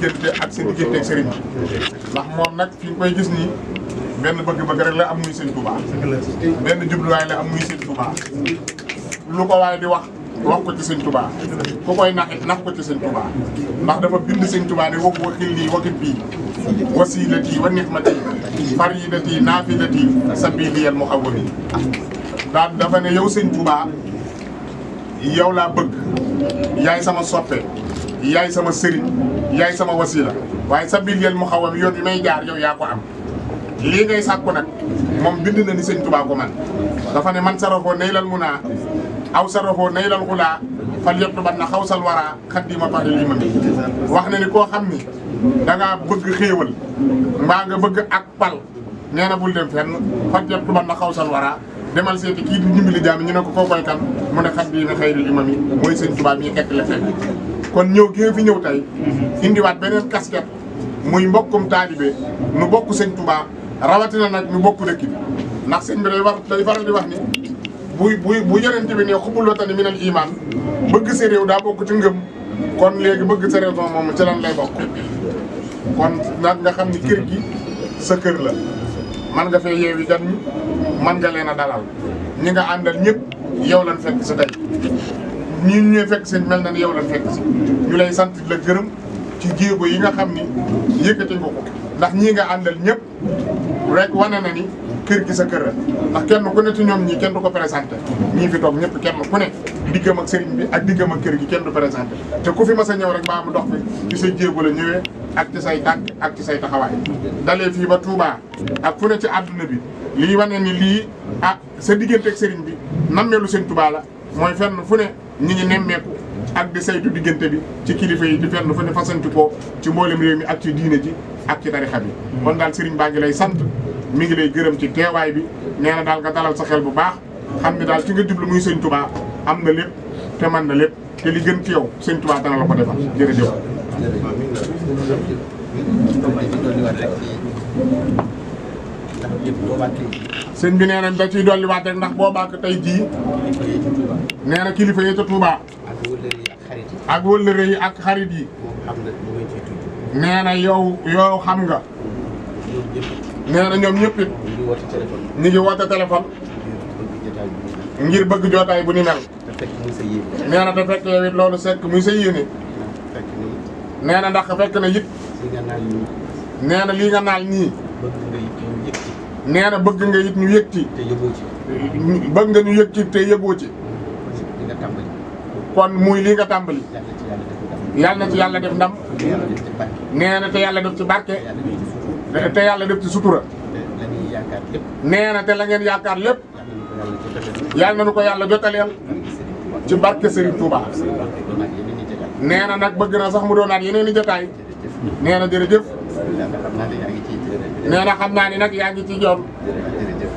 diggante ak seen diggante ak sëriñ bi ndax moom nag fi nga koy gis nii benn bëgg-bëgg rek la am muy sëñ Touba benn jubluwaay la am muy sëñ Touba lu ko waaye di wax wax ko ci sëñ Touba ku koy naxit nax ko ci sëñ Touba ndax dafa bind sëñ Touba ne wokk wakil lii wakil bii wasiilati wa nixmati faridati naafilati sabiliyal mu xaw bi daal dafa ne yow sëñ Touba yow laa bëgg yaay sama soppe yaay sama sëriñ yaay sama wasila waaye sa biir yel mu xaw am yoon bi may jaar yow yaa ko am lii ngay sàkku nag moom bind na ni sëñ Tuubaa ko man dafa ne man sarafoo nay lal naa aw sarafoo nay lal xulaa fal yottu ban na xaw sal waraa xaddima pari lii ma mi wax na koo xam ni da ngaa bëgg xéewal mbaa nga bëgg ak pal nee na bul dem fenn fal na xaw sal waraa demal seeti kii di dimbali jaam ñu ne ko koo koy kan mu ne xaddima xayri lii ma mi mooy sëñ Tuubaa mi xett la fekk kon ñëw gi nga fi ñëw tay indiwaat beneen casquette muy mbokkum taalibe nu bokk sëñ Touba rawatina nag nu bokk dëkk bi ndax sëñ bi day wax day faral di wax ni bu bu bu yonente bi ne xubul watani minal iman bëgg sa réew daa bokk ci ngëm kon léegi bëgg sa réew moom ci lan lay bokk kon nag nga xam ni kër gi sa kër la man nga fee yeewi gan ñi man nga leen a dalal ñi nga àndal ñëpp yow lan fekk sa tey ñii ñuy fekk seen mel na ni yow lañ fekk si ñu lay sant la gërëm ci jéego yi nga xam ni yëkkati nga ko ndax ñii nga àndal ñëpp rek wane na ni kër gi sa kër la ndax kenn ku ne ci ñoom ñii kenn du ko présenté ñii fi toog ñëpp kenn ku ne diggam ak sëriñ bi ak diggam ak kër gi kenn du présenté te ku fi mas a ñëw rek maa mu dox fi ci sa jéego la ñëwee ak ci say tànk ak ci say taxawaay dalee fii ba Touba ak fu ne ci àdduna bi lii wane ni lii ah sa diggante ak sëriñ bi nammeelu seen Touba la mooy fenn fu ñi ngi nemmeeku ak di saytu diggante bi ci kilifa yi di fenn fa ne fasanti ko ci mboolem réew mi ak ci diine ji ak ci tarixa bi hmm. kon daal sëriñ baa ngi lay sant mi ngi lay gërëm ci teewaay bi nee daal nga dalal sa xel bu baax xam ne daal ci nga jublu muy sëñ tubaa am na lépp te na li gën ci yow sëñ tubaa dana la ko defal jërëjëf sëñ bi nee nañ da ciy dolliwaat rek ndax boo bàkk tey jii nee na kilifa yi ca Touba. ak wëllëre yi ak xarit yi. ak na yow yow xam nga. nee na ñoom ñëpp it. ñu ngi woote téléphone. ngir bëgg jotaay bu ni mel. nee na te fekk yow loolu sekk muy sa yéene. nee na ndax fekk na it. nee na lii nga naal nii. nee bëgg nga it ñu yëg ci. bëgg nga ñu yëg ci te yëgoo ci. kon muy lii nga tàmbali. yàlla na ci yàlla def ndam. nee na te yàlla def ci barke. te yàlla def ci sutura. nee na te la ngeen yaakaar lépp. yàlla na nu ko yàlla jotaleel. ci barke Serigne Touba. nee na nag bëgg na sax mu doonaat yeneen i jotaay. nee na jërëjëf. nee na xam naa ni nag yaa ngi ci joom.